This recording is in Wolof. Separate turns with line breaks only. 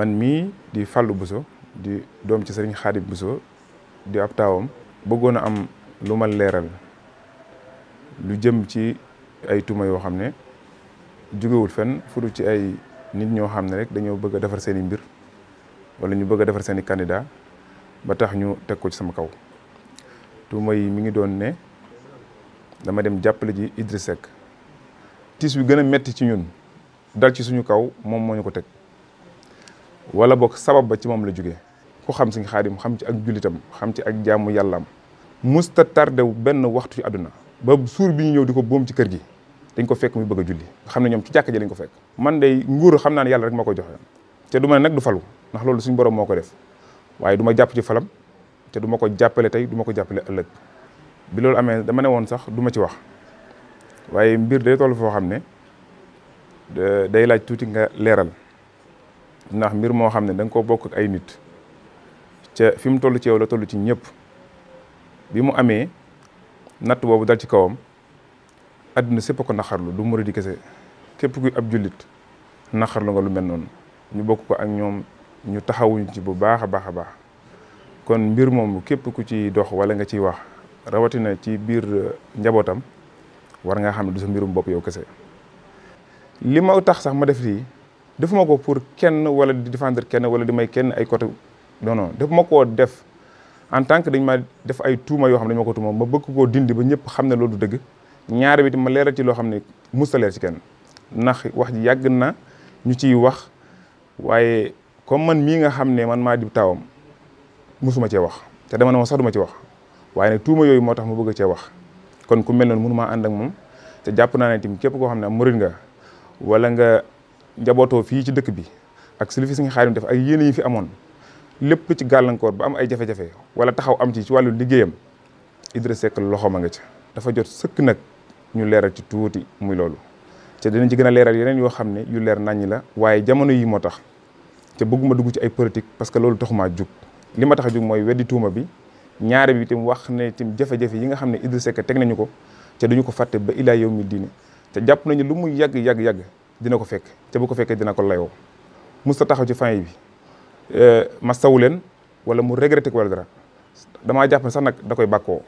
man mii di Fallou buso di doom ci sëriñ Xaadim Bousso di ab taawam bëggoon a am lu ma leeral lu jëm ci ay tuma yoo xam ne jógewul fenn furu ci ay nit ñoo xam ne rek dañoo bëgg a defar seeni mbir walla ñu bëgg a defar seen i candidat ba tax ñu teg ko ci sama kaw tuuma yi mi ngi doon ne dama dem jàppale ji Idriss Seck tiis bi gën a metti ci ñun dal ci suñu kaw moom moo ñu ko teg wala boog sabab ba ci moom la jógee ku xam Sëriñ Xaadim xam ci ak jullitam xam ci ak jaamu yàllaam musta tardé wu benn waxtu ci àdduna ba suur bi ñu ñëw di ko boom ci kër gi dañ ko fekk muy bëgg a julli xam ne ñoom ci jàkk ji lañ ko fekk man day nguur xam naa ne yàlla rek moo ko joxe te du ma ne nag du falu ndax loolu suñu borom moo ko def waaye du ma jàpp ci falam te duma ko jàppale tey duma ko jàppale ëllëg bi loolu amee dama ne woon sax du ma ci wax waaye mbir day toll foo xam ne day laaj tuuti nga leeral ndax mbir moo xam ne danga ko bokk ay nit ca fi mu toll ci yow tollu ci ñëpp bi mu amee natt boobu dal ci kawam àdduna sépp ko naxarlu du murid kese képp kuy ab jullit naxarlu nga lu mel noonu ñu bokk ko ak ñoom ñu taxawuñ ci bu baax a baax a baax kon mbir moom képp ku ci dox wala nga ciy wax rawatina ci biir uh, njabootam war nga xam ne du sa mbirum bopp yow kese li ma tax sax ma def lii defuma ko pour kenn wala di défendre kenn wala di may kenn ay côté non non defuma koo def en tant que dañ ma def ay tuuma yoo xam ne dañ ma ko tuuma ma bëgg koo dindi ba ñëpp xam ne loolu du ñaar bi ma leeral loo xam ne musta leer kenn ndax wax ji na ñu ciy wax waaye comme man mii nga xam ne man maa di taawam musuma cee wax te dama ne moom ci wax waaye tuuma yooyu moo tax ma bëgg cee wax kon ku mel noonu mënu maa ànd ak moom te jàpp naa ne tamit képp koo xam ne am murit nga wala nga njabootoo fii ci dëkk bi ak si li fi si nga xaarim def ak yéene yi fi amoon lépp ci gàllankoor ba am ay jafe-jafe wala taxaw am ci ci wàllu liggéeyam Idrissa Seck loxoom a nga ca dafa jot sëkk nag ñu leeral ci tuuti muy loolu te dinañ ci gën a leeral yeneen yoo xam ne yu leer naññ la waaye jamono yi moo tax te bëgguma dugg ci ay politique parce que loolu taxumaa jug li ma tax a jug mooy weddi bi ñaare bi itam wax ne itam jafe-jafe yi nga xam ne Idrissa Seck teg nañu ko te duñu ko fàtte ba ilaa yow mi diine te jàpp nañu lu mu yàgg yàgg yàgg dina ko fekk te bu ko fekkee dina ko layoo musta taxaw ci famille bi eh, ma sawu leen wala mu regretté ko wala dara damaa jàpp ne sax nag da koy bàkkoo